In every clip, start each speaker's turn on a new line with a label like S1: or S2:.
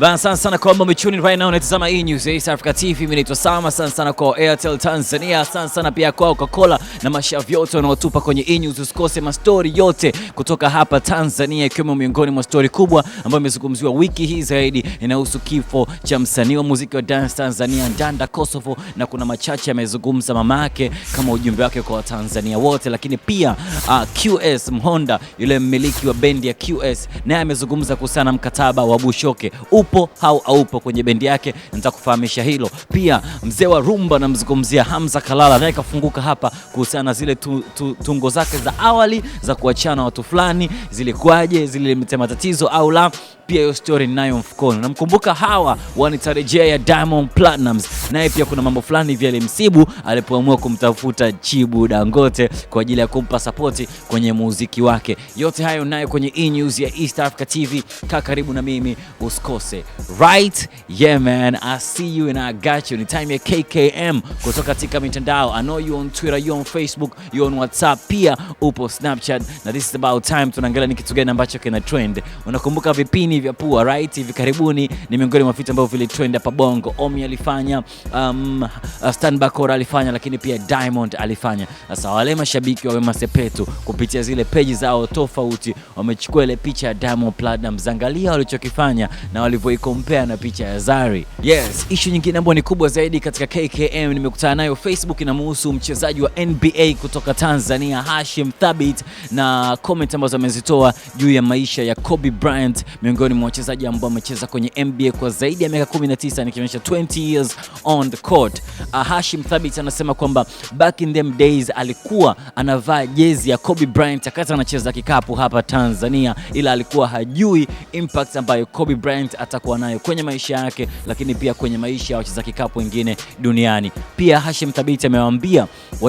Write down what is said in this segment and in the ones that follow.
S1: Asante sana kwa ambao umetune right now unatazama hii news East Africa TV. Mimi naitwa Sama. Asante sana kwa Airtel Tanzania, asante sana pia kwa Coca-Cola na mashabiki wote wanaotupa kwenye hii news. Usikose mastori yote kutoka hapa Tanzania, ikiwemo miongoni mwa stori kubwa ambayo imezungumziwa wiki hii zaidi inahusu kifo cha msanii wa muziki wa dance Tanzania Ndanda Kosovo, na kuna machache amezungumza mama yake kama ujumbe wake kwa Watanzania wote, lakini pia uh, QS Mhonda yule mmiliki wa bendi ya QS naye amezungumza kuhusiana na mkataba wa Bushoke upo au haupo kwenye bendi yake, nitakufahamisha kufahamisha hilo. Pia mzee wa rumba namzungumzia Hamza Kalala, naye kafunguka hapa kuhusiana na zile tu, tu, tungo zake za awali za kuachana watu fulani, zilikuwaje, zilileta matatizo au la? pia hiyo story ninayo mfukoni. Namkumbuka Hawa wanitarejea ya Diamond Platnumz, naye pia kuna mambo fulani hivi alimsibu alipoamua kumtafuta Chibu Dangote kwa ajili ya kumpa sapoti kwenye muziki wake. Yote hayo nayo kwenye E News ya East Africa TV. Kaa karibu na mimi usikose, right? Yeah man, I see you and I got you. Ni time ya KKM kutoka katika mitandao. I know you on Twitter, you on Facebook, you on WhatsApp, pia upo Snapchat, na this is about time tunaangalia ni kitu gani ambacho kina trend. Unakumbuka vipini viini vya pua right, hivi karibuni ni miongoni mwa vitu ambavyo vilitrend hapa Bongo. Omi alifanya um, uh, Stan Bakora alifanya, lakini pia Diamond alifanya. Sasa wale mashabiki wa Wema Sepetu kupitia zile peji zao tofauti wamechukua ile picha ya Diamond Platinum, zangalia walichokifanya na walivyoikompea na picha ya Zari. Yes, issue nyingine ambayo ni kubwa zaidi katika KKM nimekutana nayo Facebook, inamuhusu mchezaji wa NBA kutoka Tanzania Hashim Thabit na comment ambazo amezitoa juu ya maisha ya Kobe Bryant miongoni miongoni mwa wachezaji ambao amecheza kwenye NBA kwa zaidi ya miaka 19 nikionyesha 20 years on the court. Ah, Hashim Thabit anasema kwamba back in them days alikuwa anavaa jezi ya Kobe Bryant akati anacheza kikapu hapa Tanzania, ila alikuwa hajui impact ambayo Kobe Bryant atakuwa nayo kwenye maisha yake, lakini pia kwenye maisha ya wacheza kikapu wengine duniani. Pia Hashim Thabit amewaambia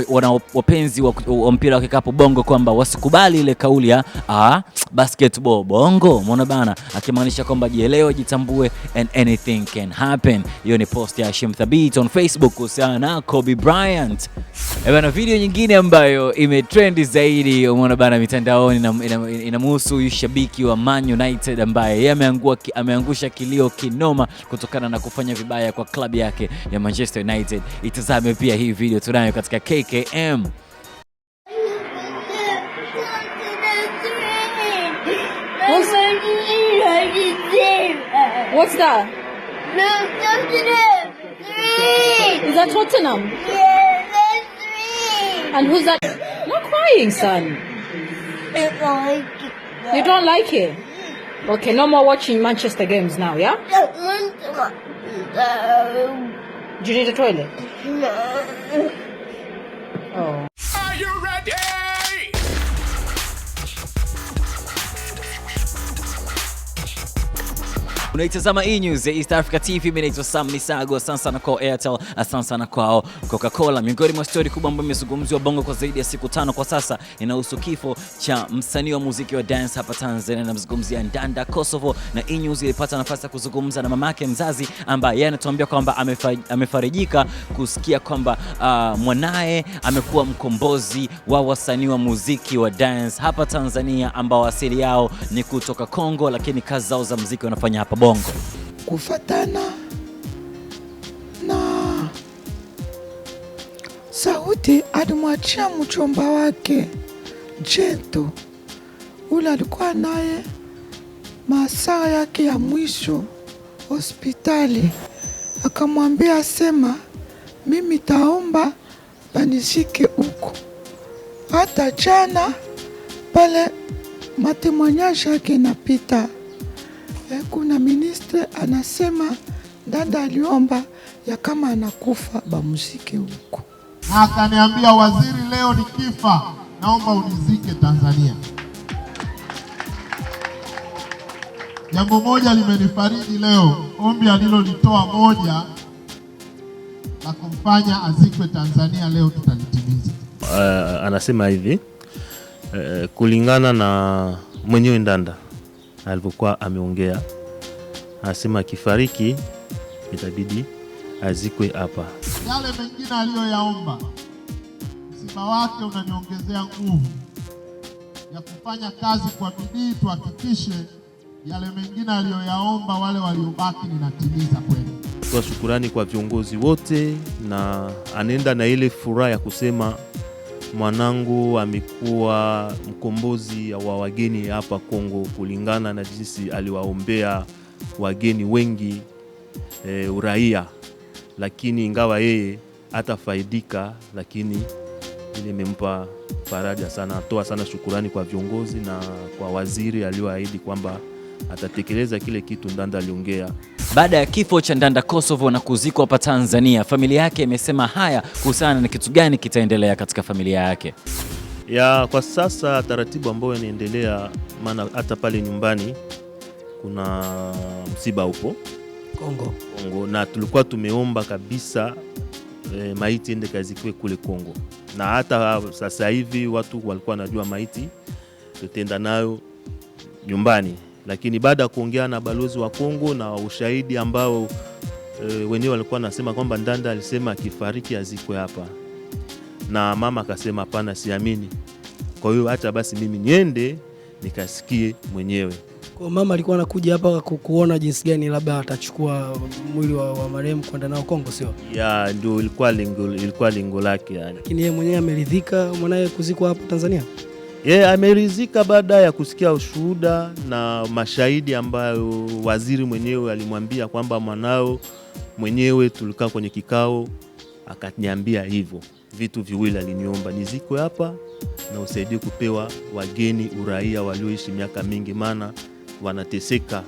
S1: wana wapenzi wa mpira wa kikapu Bongo kwamba wasikubali ile kauli ya ah, basketball bongo, mwana bana, akimaanisha kwamba jielewe, jitambue and anything can happen. Hiyo ni post ya Hashim Thabit on Facebook kuhusiana na Kobe Bryant. E video nyingine ambayo imetrendi zaidi, mwana bana, mitandaoni inamhusu ina, ina shabiki wa Man United ambaye yeye ameangua ameangusha kilio kinoma kutokana na kufanya vibaya kwa klabu yake ya Manchester United. Itazame pia hii video tunayo katika KKM.
S2: What's that?
S3: No, Tottenham. Three.
S2: Is that Tottenham?
S3: Yeah, that's three.
S2: And who's that? Not crying, son.
S3: I don't like it.
S2: You don't like it? Okay, no more watching Manchester games now, yeah?
S3: No.
S2: Do you need a toilet?
S3: No.
S2: Oh.
S1: unaitazama E news ya East Africa TV. Mimi naitwa Sam Misago. Asante sana kwa Airtel, asante sana kwao Coca-Cola. Miongoni mwa story kubwa ambayo imezungumziwa Bongo kwa zaidi ya siku tano kwa sasa inahusu kifo cha msanii wa muziki wa dance hapa Tanzania, namzungumzia Ndanda Kosovo, na E news ilipata nafasi ya kuzungumza na mamake mzazi ambaye yeye anatuambia kwamba amefarijika kusikia kwamba uh, mwanaye amekuwa mkombozi wa wasanii wa muziki wa dance hapa Tanzania ambao asili yao ni kutoka Kongo, lakini kazi zao za muziki wanafanya hapa Bongo
S4: kufatana na sauti alimwachia mchumba wake Jeto, ule alikuwa naye masaa yake ya mwisho hospitali, akamwambia sema, mimi taomba banishike huko. Hata jana pale matemwanyasha yake inapita Eh, kuna ministre anasema dada aliomba ya kama anakufa bamuzike huko,
S5: na akaniambia waziri, leo nikifa naomba unizike Tanzania. Jambo moja limenifariji leo, ombi alilolitoa moja la kumfanya azikwe Tanzania, leo tutalitimiza.
S6: Uh, anasema hivi uh, kulingana na mwenyewe Ndanda alivyokuwa ameongea, asema akifariki itabidi azikwe hapa.
S5: Yale mengine aliyoyaomba, msiba wake unaniongezea nguvu ya kufanya kazi kwa bidii, tuhakikishe yale mengine aliyoyaomba wale waliobaki ninatimiza kweli.
S6: Kwa shukurani kwa viongozi wote, na anaenda na ile furaha ya kusema mwanangu amekuwa mkombozi wa wageni hapa Kongo, kulingana na jinsi aliwaombea wageni wengi e, uraia, lakini ingawa yeye hatafaidika, lakini ile imempa faraja sana. Atoa sana shukurani kwa viongozi na kwa waziri aliyoahidi kwamba atatekeleza kile kitu Ndanda aliongea.
S1: Baada ya kifo cha Ndanda Kosovo na kuzikwa hapa Tanzania, familia yake imesema haya kuhusiana na kitu gani kitaendelea katika familia yake
S6: ya kwa sasa. Taratibu ambayo inaendelea, maana hata pale nyumbani kuna msiba upo Kongo, Kongo na tulikuwa tumeomba kabisa e, maiti ende kazikiwe kule Kongo, na hata sasa hivi watu walikuwa wanajua maiti tutenda nayo nyumbani lakini baada ya kuongea na balozi wa Kongo na ushahidi ambao e, wenyewe walikuwa nasema kwamba Ndanda alisema akifariki azikwe hapa, na mama akasema hapana, siamini. Kwa hiyo hata basi mimi niende nikasikie mwenyewe.
S2: Kwa mama alikuwa anakuja hapa kuona jinsi gani labda atachukua mwili wa, wa marehemu kwenda nao Kongo, sio?
S6: Ya ndio ilikuwa lengo, ilikuwa lengo lake yani.
S2: Lakini yeye mwenyewe ameridhika mwanaye kuzikwa hapa Tanzania.
S6: Yeye ameridhika baada ya kusikia ushuhuda na mashahidi ambayo waziri mwenyewe alimwambia kwamba mwanao mwenyewe, tulikaa kwenye kikao, akaniambia hivyo vitu viwili. Aliniomba nizikwe hapa na usaidie kupewa wageni uraia walioishi miaka mingi, maana wanateseka.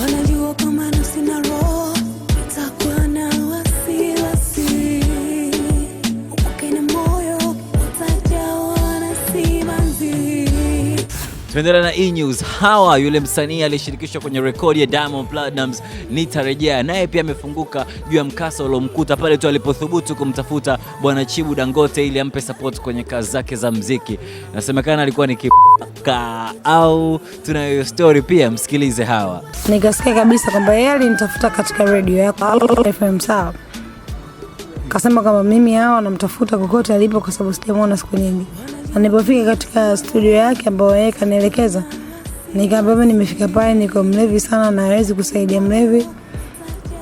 S6: Wanajua kama nasina roho
S1: Tunaendelea na E News. Hawa yule msanii aliyeshirikishwa kwenye rekodi ya Diamond Platnumz nitarejea, naye pia amefunguka juu ya mkasa uliomkuta pale tu alipothubutu kumtafuta bwana Chibu Dangote ili ampe support kwenye kazi zake za mziki. Nasemekana alikuwa ni kipaka au tunayo story pia, msikilize Hawa.
S7: Nikasikia kabisa kwamba yeye alinitafuta katika radio yako FM, sawa Kasema kama mimi Hawa namtafuta kokote alipo, kwa sababu sijamwona siku nyingi. Na nilipofika katika studio yake ambayo yeye kanielekeza, nikaambia mimi nimefika pale niko mlevi sana na hawezi kusaidia mlevi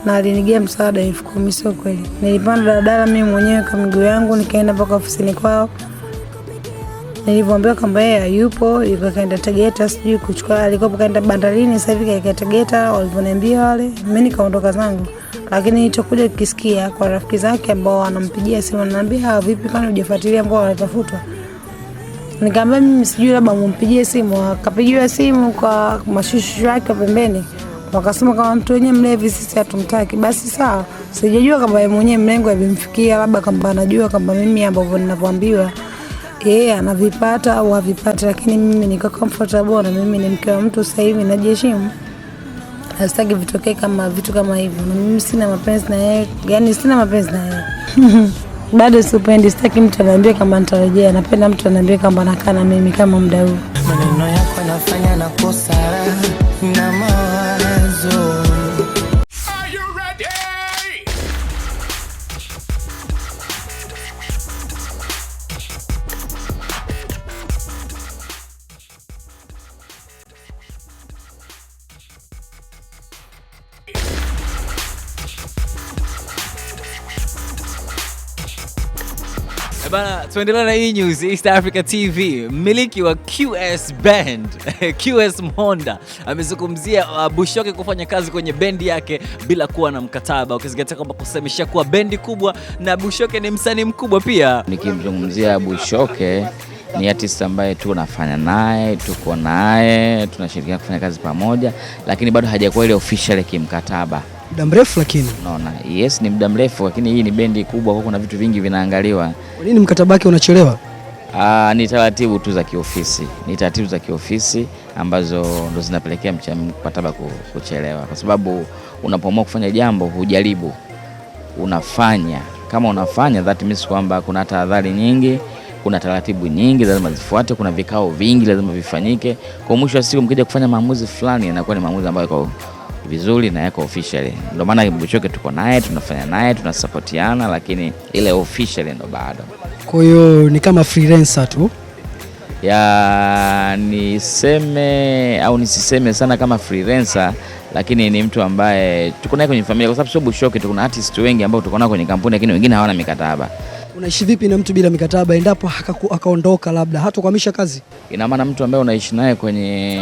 S7: na alinigia msaada elfu kumi. Sio kweli, nilipanda daladala mimi mwenyewe kwa miguu yangu nikaenda mpaka ofisini kwao. Nilivyoambiwa kwamba yeye hayupo, yuko kaenda Tegeta, sijui kuchukua, alikopo kaenda bandarini, sasa hivi kaenda Tegeta. Walivyoniambia wale, mimi nikaondoka zangu, lakini nilichokuja kukisikia kwa rafiki zake ambao wanampigia simu ananiambia, ah, vipi kwani hujafuatilia ambao wanatafutwa nikaambia mimi sijui, labda mumpigie simu. Akapigiwa simu kwa mashushu yake wa pembeni, wakasema kama mtu wenye mlevi sisi hatumtaki. Basi sawa, sijajua kama yeye mwenyewe mlengo alimfikia, labda kama anajua kama mimi ambavyo ninavyoambiwa yeye yeah, anavipata au havipati, lakini mimi niko comfortable na mimi ni mke wa mtu sasa hivi, najiheshimu Sitaki vitokee kama vitu kama hivyo, na mimi sina mapenzi na yeye, yani sina mapenzi na yeye Bado sipendi, sitaki mtu anaambia kama nitarejea. Napenda mtu anaambia kama nakaa na mimi kama muda huu. Maneno yako yanafanya nakosa na mama
S1: bana, tuendelea na hii news. East Africa TV, mmiliki wa QS Band QS Mhonda amezungumzia uh, Bushoke kufanya kazi kwenye bendi yake bila kuwa na mkataba, ukizingatia kwamba kusemesha kuwa bendi kubwa na Bushoke ni msanii mkubwa pia.
S8: Nikimzungumzia Bushoke ni artist ambaye tunafanya naye, tuko naye, tunashirikiana kufanya kazi pamoja, lakini bado hajakuwa ile official kimkataba
S2: muda mrefu lakini.
S8: Unaona, yes ni muda mrefu lakini hii ni bendi kubwa kwa kuna vitu vingi vinaangaliwa.
S2: Kwa nini mkataba wake unachelewa?
S8: Ah, ni taratibu tu za kiofisi, ni taratibu za kiofisi ambazo ndo zinapelekea mkataba kuchelewa, kwa sababu unapoamua kufanya jambo hujaribu, unafanya kama unafanya, that means kwamba kuna tahadhari nyingi, kuna taratibu nyingi lazima zifuate, kuna vikao vingi lazima vifanyike. Kwa mwisho wa siku mkija kufanya maamuzi fulani, yanakuwa ni maamuzi ambayo vizuri na yako officially. Ndio maana Buchoke tuko naye, tunafanya naye, tunasapotiana, lakini ile officially ndo bado.
S2: Kwa hiyo ni kama freelancer tu
S8: ya niseme au nisiseme sana kama freelancer, lakini ni mtu ambaye tuko naye kwenye familia, kwa sababu sio Bushoke tu, kuna artist wengi ambao tuko nao kwenye kampuni, lakini wengine hawana mikataba.
S2: Unaishi vipi na mtu bila mikataba, endapo akaondoka labda kuhamisha kazi?
S8: Ina maana mtu ambaye unaishi naye kwenye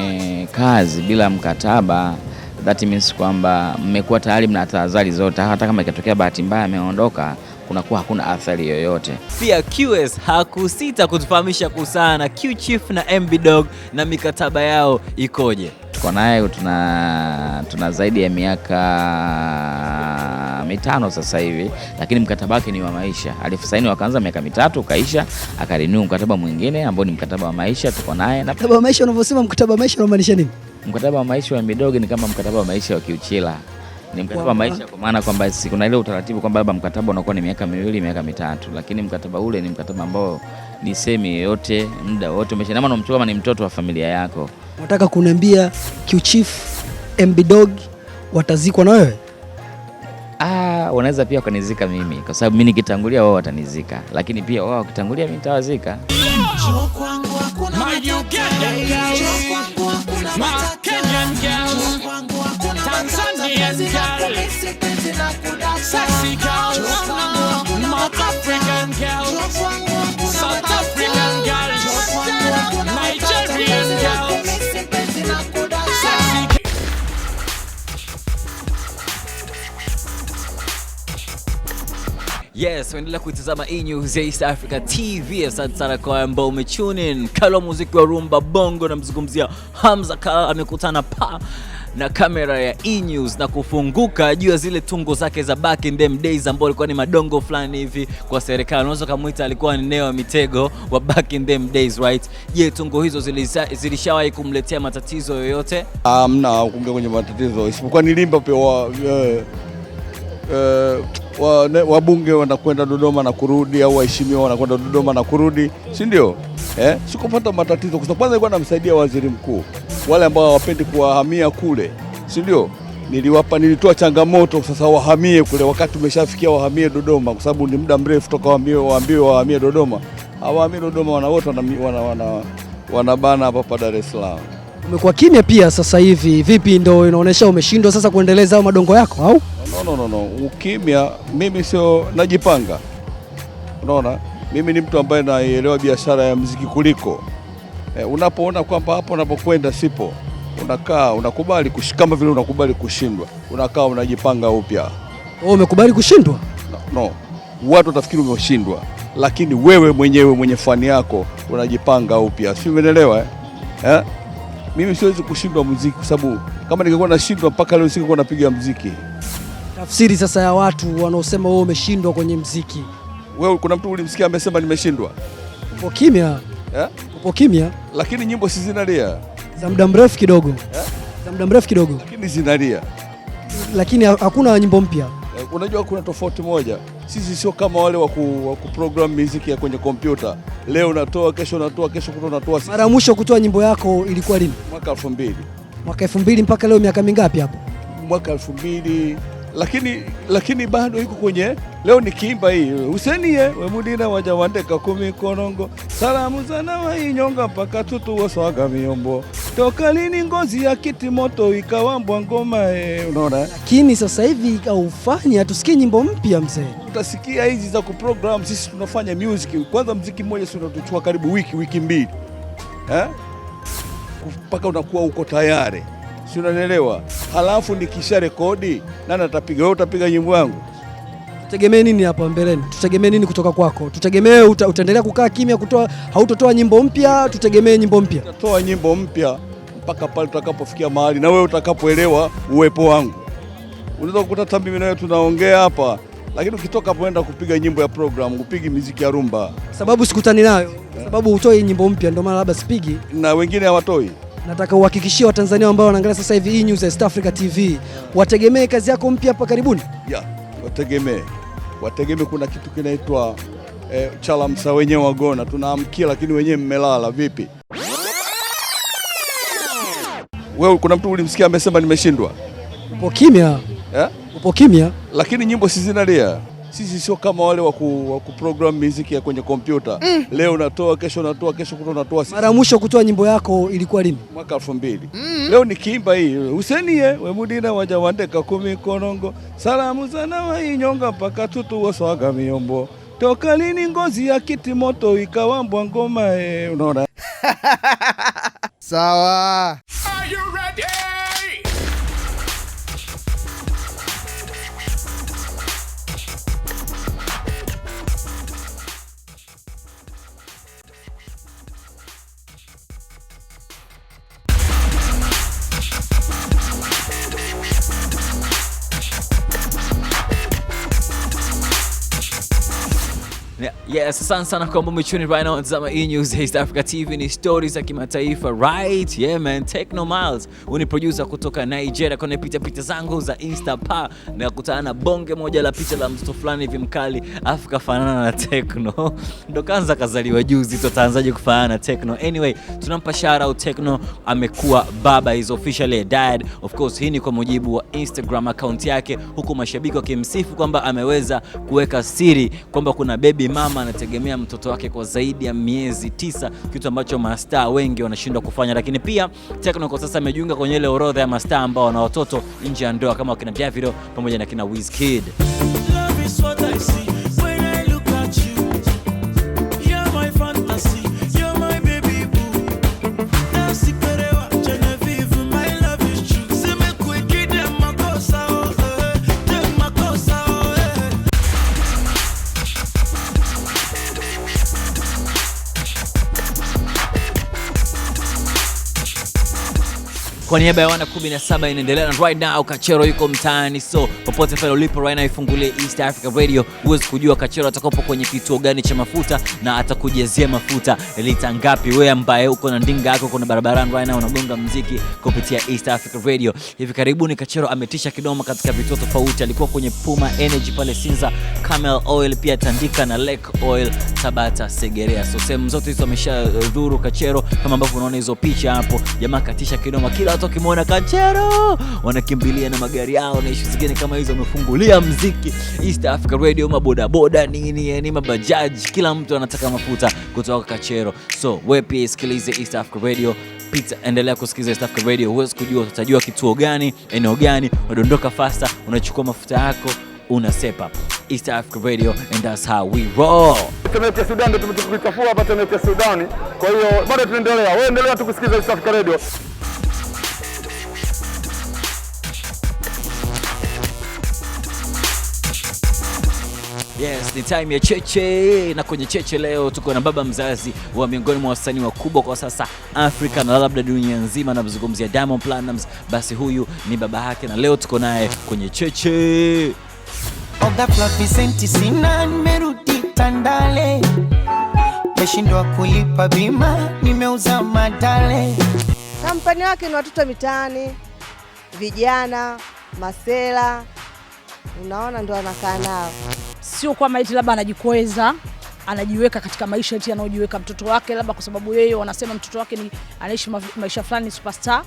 S8: kazi bila mkataba that means kwamba mmekuwa tayari mna tahadhari zote, hata kama ikatokea bahati mbaya ameondoka kunakuwa hakuna athari yoyote.
S1: Pia QS hakusita kutufahamisha kuhusiana na Q Chief na MB Dog na mikataba yao ikoje.
S8: Tuko naye tuna, tuna zaidi ya miaka mitano sasa hivi, lakini mkataba wake ni wa maisha. alifusaini wakaanza miaka mitatu ukaisha, akarenew mkataba mwingine ambao ni mkataba wa maisha. Tuko naye
S2: na mkataba wa maisha. Unavyosema mkataba wa maisha unamaanisha nini?
S8: Mkataba wa maisha wa midogo ni kama mkataba wa maisha wa Kiuchila, ni mkataba wa maisha, kwa maana kwamba kuna ile utaratibu kwamba labda mkataba unakuwa ni miaka miwili, miaka mitatu, lakini mkataba ule ni mkataba ambao ni semi yote, muda wote umesha namna unamchukua kama ni mtoto wa familia yako.
S2: Nataka kuniambia kiuchifu, mb Dog watazikwa na wewe?
S8: Ah, wanaweza pia wakanizika mimi kwa sababu mimi nikitangulia wao watanizika, lakini pia wao wakitangulia mimi nitawazika. My Kenyan girl, Tanzanian girls, sexy girl, African
S1: girl. Yes, unaendelea kuitazama E News ya East Africa TV. Asante sana kwa ambao umetune in. Kala muziki wa rumba bongo, namzungumzia Hamza Kala amekutana pa na kamera ya E News na kufunguka juu ya zile tungo zake za back in them days ambao alikuwa ni madongo fulani hivi kwa serikali. Unaweza kumuita alikuwa ni neo wa mitego wa back in them days right? Je, tungo hizo zilishawahi kumletea matatizo yoyote?
S9: Ah, hamna, um, kumbe kwenye matatizo isipokuwa nilimba pewa uh, eh, eh, wabunge wanakwenda Dodoma na kurudi, au waheshimiwa wanakwenda Dodoma na kurudi, si ndio? Eh, sikupata matatizo kwa sababu kwanza nilikuwa namsaidia waziri mkuu, wale ambao hawapendi kuwahamia kule, si ndio? Niliwapa, nilitoa changamoto sasa wahamie kule, wakati umeshafikia wahamie Dodoma, kwa sababu ni muda mrefu toka waambiwe wahamie Dodoma. Hawahamie Dodoma, wana wote wanabana hapa Dar es Salaam.
S2: Umekuwa kimya pia sasa hivi, vipi? Ndo inaonyesha umeshindwa sasa kuendeleza au madongo yako au?
S9: No, no, no, no. Ukimya mimi sio, najipanga. Unaona, mimi ni mtu ambaye naielewa biashara ya mziki kuliko e, unapoona kwamba hapo unapokwenda sipo, unakaa unakubali kama vile unakubali kushindwa, unakaa unajipanga upya.
S2: Oh, umekubali kushindwa?
S9: No, no. Watu watafikiri umeshindwa, lakini wewe mwenyewe mwenye fani yako unajipanga upya, si umeelewa eh? Eh? mimi siwezi kushindwa muziki, kwa sababu kama ningekuwa nashindwa mpaka leo singekuwa napiga muziki.
S2: Tafsiri sasa ya watu wanaosema wewe umeshindwa kwenye muziki,
S9: wewe, kuna mtu ulimsikia amesema nimeshindwa?
S2: Upo kimya, eh? upo kimya,
S9: lakini nyimbo si zinalia
S2: za muda mrefu kidogo, eh? za muda mrefu kidogo,
S9: lakini zinalia,
S2: lakini hakuna nyimbo mpya.
S9: Eh, unajua kuna tofauti moja sisi sio kama wale wa kuprogram muziki ya kwenye kompyuta, leo unatoa, kesho unatoa, kesho kutoa unatoa.
S2: Mara mwisho kutoa nyimbo yako ilikuwa lini?
S9: Mwaka elfu mbili.
S2: Mwaka elfu mbili mpaka leo miaka mingapi hapo?
S9: Mwaka elfu mbili lakini lakini bado iko kwenye leo nikiimba hii usenie wemudina wajawandeka kumi konongo salamu zana wainyonga mpaka tutuwaswaga miombo Toka lini ngozi ya kiti moto ikawambwa ngoma e, eh? unaona?
S2: Lakini sasa hivi ikaufanya tusikie nyimbo mpya mzee.
S9: Utasikia hizi za kuprogram, sisi tunafanya music. Kwanza mziki mmoja si unatuchukua karibu wiki wiki mbili mpaka unakuwa uko tayari, si unanielewa? Halafu nikisha rekodi nani atapiga? Wewe utapiga nyimbo yangu
S2: tutegemee nini hapa mbeleni? Tutegemee nini kutoka kwako? Tutegemee uta, utaendelea kukaa kimya kutoa, hautotoa nyimbo mpya? Tutegemee nyimbo mpya?
S9: Toa nyimbo mpya mpaka pale tutakapofikia mahali na wewe utakapoelewa uwepo wangu. Unaweza kukuta tambi mimi tunaongea hapa, lakini ukitoka poenda kupiga nyimbo ya program, kupigi miziki ya rumba,
S2: sababu sikutani nayo, eh? sababu utoi nyimbo mpya, ndio maana labda sipigi
S9: na wengine hawatoi.
S2: Nataka uhakikishie Watanzania ambao wanaangalia sasa hivi E news ya East Africa TV wategemee kazi yako mpya hapa karibuni.
S9: Yeah, wategemee wategeme kuna kitu kinaitwa eh, chalamsa wenyewe wagona, tunaamkia lakini wenyewe mmelala vipi? Wewe kuna mtu ulimsikia amesema nimeshindwa?
S2: Upo kimya yeah? Upo kimya,
S9: lakini nyimbo sizinalia sisi sio kama wale wa program music ya kwenye kompyuta mm. Leo unatoa kesho unatoa kesho kuto unatoa.
S2: Mara mwisho kutoa nyimbo yako ilikuwa lini?
S9: Mwaka elfu mbili mm. Leo nikiimba hii usenie wemudina wajawandeka kumi konongo salamu inyonga mpaka tutuwoswaga miombo toka lini ngozi ya kiti moto ikawambwa ngoma eh, unaona
S1: sawa Yes, asante sana kwa kwamba umechuni right now tazama e news East Africa TV ni stories za kimataifa right. Yeah man, Tekno Miles uni producer kutoka Nigeria kwenye pita pita zangu za Insta pa na kukutana na bonge moja la picha la mtoto fulani hivi mkali Afrika fanana na Techno Ndo kanza kazaliwa juzi, tutaanzaje kufanana na Techno. Anyway, tunampa shout out Techno, amekuwa baba, is officially a dad. Of course, hii ni kwa mujibu wa Instagram account yake, huku mashabiki wakimsifu kwamba ameweza kuweka siri kwamba kuna baby mama anategemea mtoto wake kwa zaidi ya miezi tisa, kitu ambacho mastaa wengi wanashindwa kufanya. Lakini pia Tekno kwa sasa amejiunga kwenye ile orodha ya mastaa ambao wana watoto nje ya ndoa kama wakina Davido pamoja na kina Wizkid. kwa niaba ya wana 17 inaendelea na right now. Kachero yuko mtaani, so popote pale ulipo right now ifungulie East Africa Radio. Huwezi kujua Kachero atakopo kwenye kituo gani cha mafuta na atakujezia mafuta lita ngapi. Wewe ambaye uko na ndinga yako kuna na barabarani right now unagonga mziki kupitia East Africa Radio. Hivi karibuni Kachero ametisha kidoma katika vituo tofauti, alikuwa kwenye Puma Energy pale Sinza, Camel Oil pia Tandika na Lake Oil Tabata Segerea. So sehemu zote hizo ameshadhuru uh, Kachero, kama ambavyo unaona hizo picha hapo, jamaa katisha kidoma kila hata ukimwona Kanchero wanakimbilia na magari yao na ishu zingine kama hizo, wamefungulia mziki East Africa Radio, mabodaboda nini, yani mabajaji, kila mtu anataka mafuta kutoka Kachero. So wewe pia isikilize East Africa Radio Pita, endelea kusikiliza East Africa Radio. Huwezi kujua utatajua kituo gani, eneo gani, unadondoka fasta, unachukua mafuta yako unasepa. East Africa Radio and that's how we roll.
S9: Temeke Sudan ndio tumekuchafua hapa, Temeke Sudan. Kwa hiyo bado tunaendelea, wewe endelea tu East Africa Radio.
S1: Yes, ni time ya Cheche na kwenye Cheche leo tuko na baba mzazi wa miongoni mwa wasanii wakubwa kwa sasa Afrika na labda dunia nzima, namzungumzia Diamond Platnumz. Basi huyu ni baba yake na leo tuko naye kwenye Cheche.
S10: Sina, nimerudi Tandale, meshindwa kulipa bima, nimeuza madale.
S11: Kampani wake ni watoto mitaani, vijana masela, unaona ndo anakaa nao
S12: sio kwamba eti labda anajikweza anajiweka katika maisha eti anaojiweka mtoto wake, labda kwa sababu yeye wanasema mtoto wake ni anaishi maisha fulani superstar,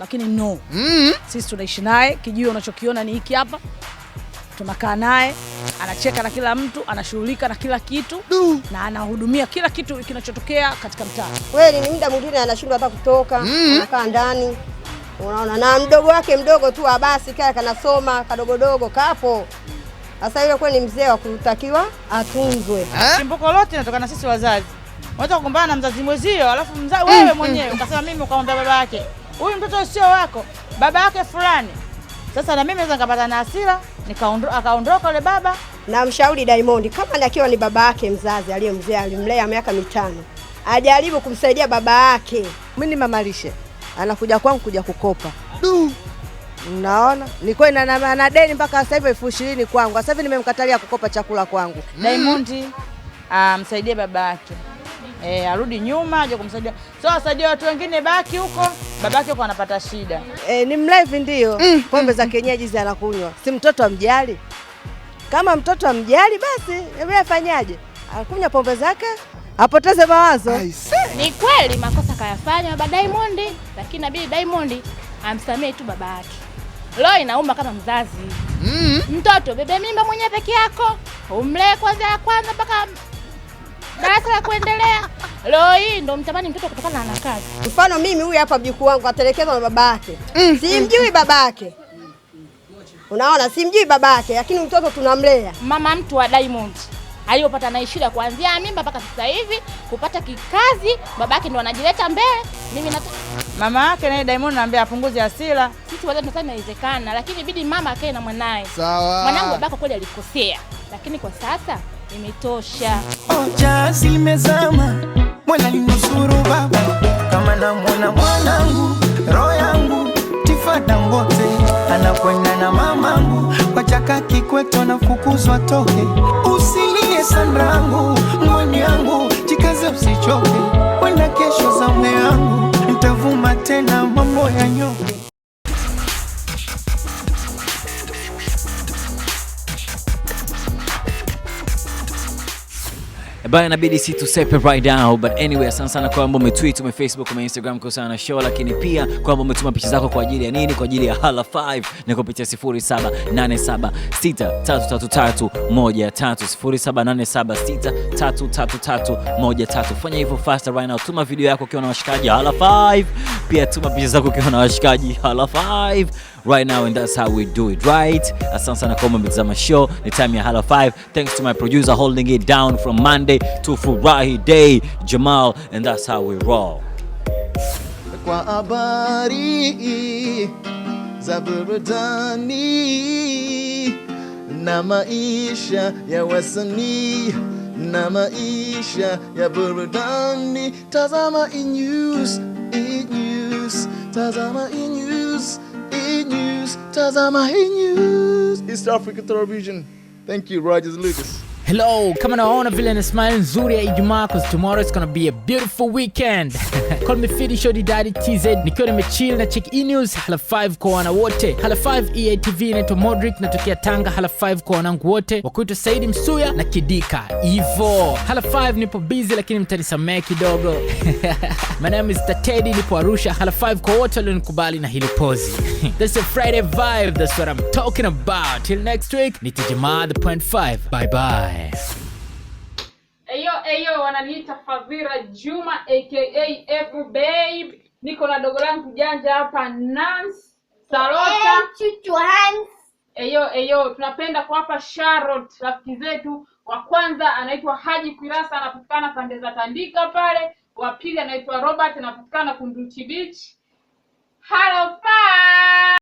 S12: lakini no. mm -hmm. Sisi tunaishi naye, kijiwe unachokiona ni hiki hapa, tunakaa naye, anacheka na kila mtu, anashughulika na kila kitu du. na anahudumia kila kitu kinachotokea katika mtaa.
S13: Kweli ni muda mwingine anashindwa hata kutoka, mm -hmm. anakaa ndani, unaona, na mdogo wake mdogo tu, abasi ah, kale kanasoma kadogodogo kapo sasa hiyo kweli mzee wa kutakiwa atunzwe.
S14: Eh? Chimbuko lote inatokana sisi wazazi. Unaweza kugombana na mzazi mwezio, alafu mzazi wewe mm, mm. mwenyewe ukasema mimi ukamwambia baba yake, huyu mtoto sio wako, baba yake fulani. Sasa na mimi naweza nikapata na hasira, akaondoka yule baba.
S15: Namshauri Diamond kama akiwa ni baba yake mzazi mzee alimlea miaka mitano, ajaribu kumsaidia baba yake.
S16: Mimi ni anakuja kwangu kuja kukopa du Mnaona, nilikuwa na, na deni mpaka sasa hivi elfu ishirini kwangu. Sasa hivi nimemkatalia kukopa chakula kwangu.
S17: Mm. Diamond amsaidie ah, baba yake e, eh, arudi nyuma aje kumsaidia, so asaidie watu wengine, baki huko babake huko anapata shida
S18: e, ni mlevi ndio. mm. pombe mm, za mm. kienyeji zi anakunywa, si mtoto amjali. Kama mtoto amjali, basi hebu afanyaje? Akunywa pombe zake apoteze mawazo.
S19: Ni kweli makosa kayafanya baba Diamond, lakini nabidi Diamond amsamehe tu baba yake. Leo inauma kama mzazi mm -hmm. Mtoto bebe mimba mwenyewe peke yako, umlee kwanza ya kwanza mpaka darasa la kuendelea. Leo hii ndo mtamani mtoto kutokana na kazi.
S18: Mfano mimi huyu hapa mjukuu wangu atelekezwa na baba yake mm -hmm. Simjui baba yake Unaona, simjui baba yake, lakini mtoto tunamlea.
S19: Mama mtu wa Diamond aliyopata naye shida kuanzia mimba mpaka sasa hivi kupata kikazi, babake ndo anajileta mbele. Mimi nata
S20: mama yake naye Diamond naambia apunguze hasira.
S19: Sisi wazee tunasema inawezekana, lakini ibidi mama akae na mwanae. Sawa. Mwanangu babako kweli alikosea, lakini kwa sasa imetosha. Ojazi limezama mwana linusuru baba, kama namwona mwanangu roho yangu Tifa Dangote anakwenda na mamangu kwa chaka na anafukuzwa toke usili
S1: bana, inabidi si tusepe right now, but anyway, asante sana kwamba umetweet, ume Facebook, ume Instagram kuhusiana na show, lakini pia kwamba umetuma picha zako kwa ajili ya nini? Kwa ajili ya Hala 5 na kupitia 0787633313 0787633313 Fanya hivyo fast right now, tuma video yako ukiwa na washikaji Hala 5, pia tuma picha zako ukiwa na washikaji Hala 5 right now and that's how we do it right. Asante sana kama umetazama show, ni time ya Hala 5. Thanks to my producer holding it down from Monday to Furahi Day, Jamal, and that's how we roll. Kwa habari za burudani na maisha ya wasanii
S21: na maisha ya burudani, tazama e-news, e-news, tazama e-news News, Tazamahi News, East Africa Television. Thank you, Rogers Lucas.
S22: Hello, kama naona vile na smile nzuri ya Ijumaa, cause tomorrow it's gonna be a beautiful weekend. Call me Fidi Shodi Daddy TZ nikiwa nimechill na check e news hala 5 kwa wana wote. Hala 5 eatv TV inaitwa Modric natokea Tanga. Hala 5 kwa wanangu wote wakuitwa Saidi Msuya na Kidika Ivo. Hala 5 nipo busy lakini mtanisamee kidogo. My name is nipo Arusha. Hala 5 kwa wote walionikubali na hili pozi. is a Friday vibe, that's what I'm talking about. Till next week, nitajamaa the point 5. Bye bye. Yes.
S23: Eyo eyo, wananiita Fadhila Juma aka F babe. Niko na dogo langu janja hapa Nance Sarota
S24: Chuchu Hans.
S23: Eyo eyo, tunapenda kuwapa Charlotte rafiki zetu. Wa kwanza anaitwa Haji kirasa anapatikana pande za Tandika pale. Wa pili anaitwa Robert, anapatikana Kunduchi Beach. Hello pa